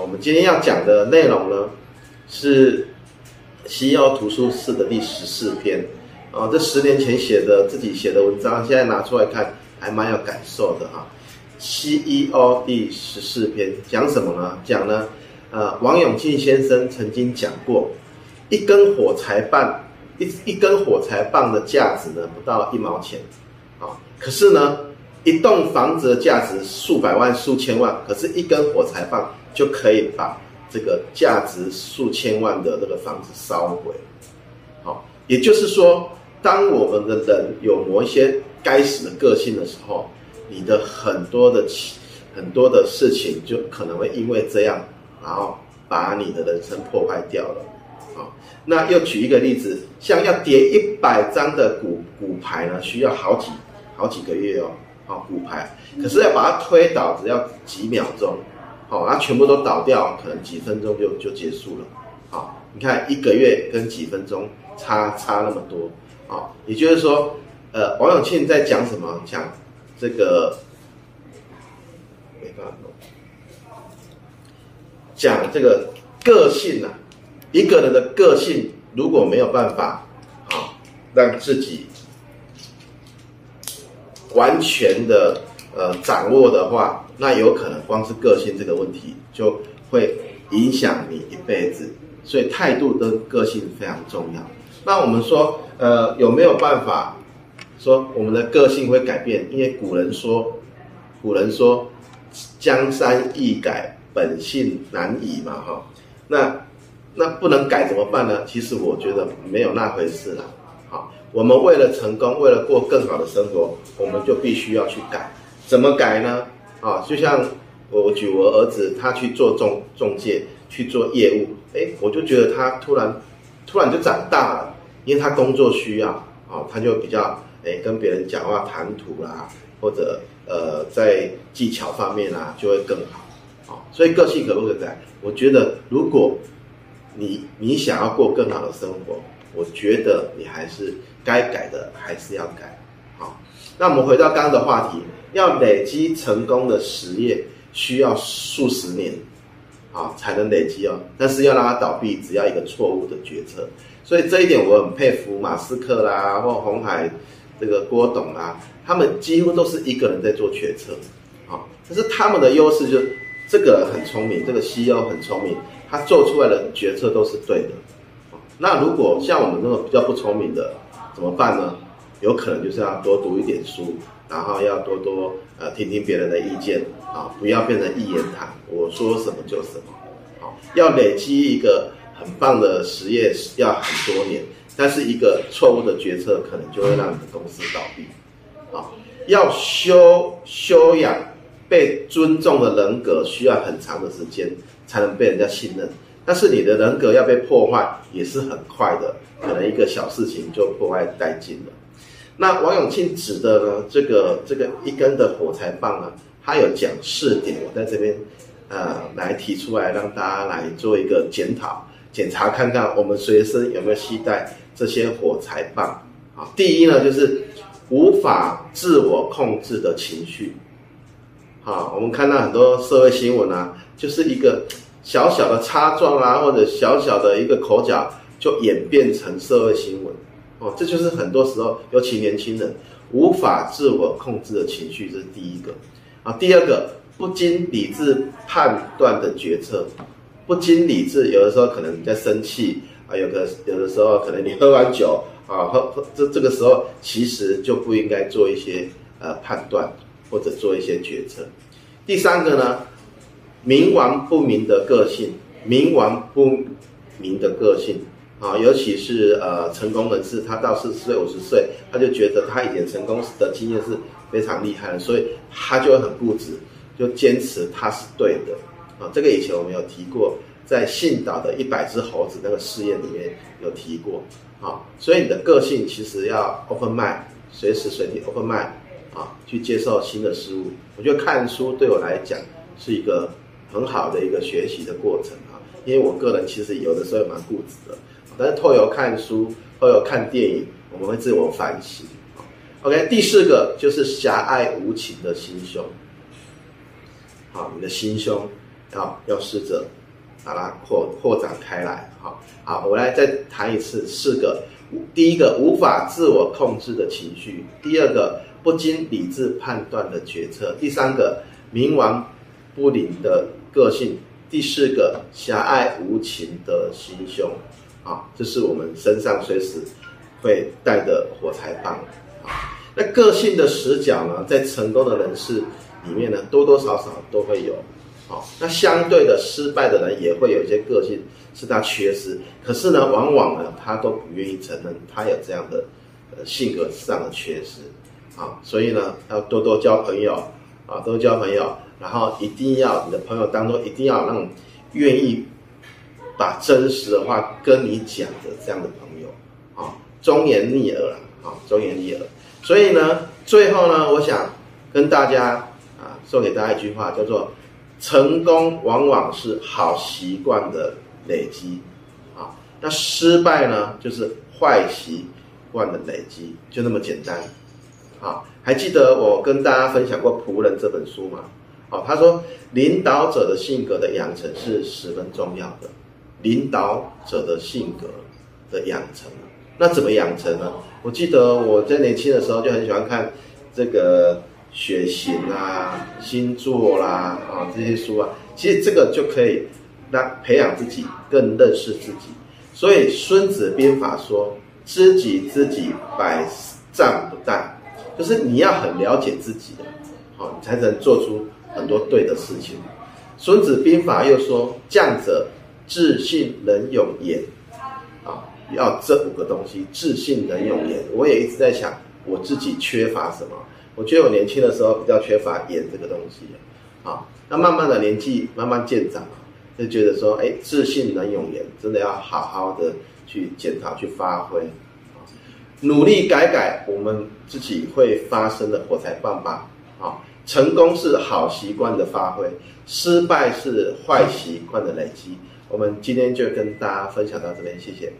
我們今天要講的內容呢，是《CEO 圖書室》的第十四篇，啊、哦，這十年前寫的自己寫的文章，現在拿出來看還蠻有感受的啊。CEO 第十四篇講什麼呢？講呢，呃，王永慶先生曾經講過，一根火柴棒一一根火柴棒的價值呢，不到一毛錢，啊，可是呢，一棟房子的價值數百萬、數千萬，可是一根火柴棒。就可以把這個價值數千萬的這個房子燒毀。好，也就是說，當我們的人有某一些該死的個性的時候，你的很多的很多的事情就可能會因為這樣，然後把你的人生破壞掉了。好，那又舉一個例子，像要疊一百張的骨骨牌呢，需要好幾好幾個月哦。好，骨牌，可是要把它推倒，只要幾秒鐘。好，它全部都倒掉，可能幾分鐘就就結束了。好，你看一個月跟幾分鐘差差那麼多。好，也就是說，呃，王永慶在講什麼？講這個沒辦法講這個個性啊，一個人的個性如果沒有辦法，啊，讓自己完全的。呃，掌握的話，那有可能光是個性這個問題就會影響你一輩子，所以態度跟個性非常重要。那我們說，呃，有沒有辦法說我們的個性會改變？因為古人說，古人說，江山易改，本性難移嘛，哈、哦。那那不能改怎麼辦呢？其實我覺得沒有那回事啦，好、哦，我們為了成功，為了過更好的生活，我們就必須要去改。怎麼改呢？啊，就像我舉我兒子，他去做仲仲介，去做業務，哎，我就覺得他突然，突然就長大了，因為他工作需要，啊，他就比較，哎，跟別人講話談吐啦，或者呃，在技巧方面啊，就會更好，啊，所以個性可不可以改？我覺得，如果你你想要過更好的生活，我覺得你還是該改的還是要改，好，那我們回到剛剛的話題。要累積成功的實業需要數十年，啊、哦，才能累積哦。但是要讓它倒閉，只要一個錯誤的決策。所以這一點我很佩服馬斯克啦，或鴻海這個郭董啊，他們幾乎都是一個人在做決策，啊、哦，可是他們的優勢就是這個很聰明，這個 CEO 很聰明，他做出來的決策都是對的。哦、那如果像我們這種比較不聰明的，怎麼辦呢？有可能就是要多讀一點書。然後要多多呃聽聽別人的意見啊、哦，不要變成一言堂，我說什麼就什麼。好、哦，要累積一個很棒的實業要很多年，但是一個錯誤的決策可能就會讓你的公司倒閉。好、哦，要修修養被尊重的人格需要很長的時間才能被人家信任，但是你的人格要被破壞也是很快的，可能一個小事情就破壞殆盡了。那王永慶指的呢？這個這個一根的火柴棒啊，他有講四點，我在這邊，呃，來提出來，讓大家來做一個檢討、檢查，看看我們隨身有沒有攜帶這些火柴棒啊？第一呢，就是無法自我控制的情緒，啊，我們看到很多社會新聞啊，就是一個小小的擦撞啊，或者小小的一個口角，就演變成社會新聞。哦，這就是很多時候，尤其年輕人無法自我控制的情緒，這是第一個。啊，第二個不經理智判斷的決策，不經理智，有的時候可能你在生氣啊，有的有的時候可能你喝完酒啊，喝喝，這這個時候其實就不應該做一些呃判斷或者做一些決策。第三個呢，冥頑不靈的個性，冥頑不靈的個性。啊，尤其是呃，成功人士，他到四十歲、五十歲，他就覺得他以前成功的經驗是非常厲害的，所以他就會很固執，就堅持他是對的。啊，這個以前我們有提過，在信島的一百隻猴子那個試驗裡面有提過。啊，所以你的個性其實要 open mind，隨時隨地 open mind，啊，去接受新的事物。我覺得看書對我來講是一個很好的一個學習的過程啊，因為我個人其實有的時候蠻固執的。但是透由看書、透由看電影，我們會自我反省。OK，第四個就是狹隘無情的心胸。好，你的心胸要要試着把它、啊、擴擴展開來。好，好，我來再談一次四個：第一個無法自我控制的情緒；第二個不經理智判斷的決策；第三個冥頑不靈的個性；第四個狹隘無情的心胸。啊，這是我們身上隨時會帶的火柴棒啊。那個性的死角呢，在成功的人士裡面呢，多多少少都會有。啊，那相對的失敗的人也會有一些個性是他缺失，可是呢，往往呢，他都不願意承認他有這樣的呃性格上的缺失啊。所以呢，要多多交朋友啊，多多交朋友，然後一定要你的朋友當中一定要讓你願意。把真實的話跟你講的這樣的朋友，啊、哦，忠言逆耳，啊、哦，忠言逆耳。所以呢，最後呢，我想跟大家啊，送給大家一句話，叫做：成功往往是好習慣的累積，啊、哦，那失敗呢，就是壞習慣的累積，就那麼簡單，啊、哦，還記得我跟大家分享過《僕人》這本書嗎？啊、哦，他說，領導者的性格的養成是十分重要的。領導者的性格的養成，那怎麼養成呢？我記得我在年輕的時候就很喜歡看這個血型啊、星座啦，啊這些書啊。其實這個就可以讓培養自己，更認識自己。所以《孫子兵法》說：“知己知己，百戰不殆。”就是你要很了解自己的你才能做出很多對的事情。《孫子兵法》又說：“將者。”智信仁勇嚴，啊、哦，要這五個東西，智信仁勇嚴。我也一直在想，我自己缺乏什麼？我覺得我年輕的時候比較缺乏嚴這個東西，啊、哦，那慢慢的年紀慢慢漸長就覺得說，哎、欸，智信仁勇嚴，真的要好好的去檢討、去發揮，努力改改我們自己會發生的火柴棒棒。啊、哦，成功是好習慣的發揮，失敗是壞習慣的累積。我們今天就跟大家分享到這邊，謝謝。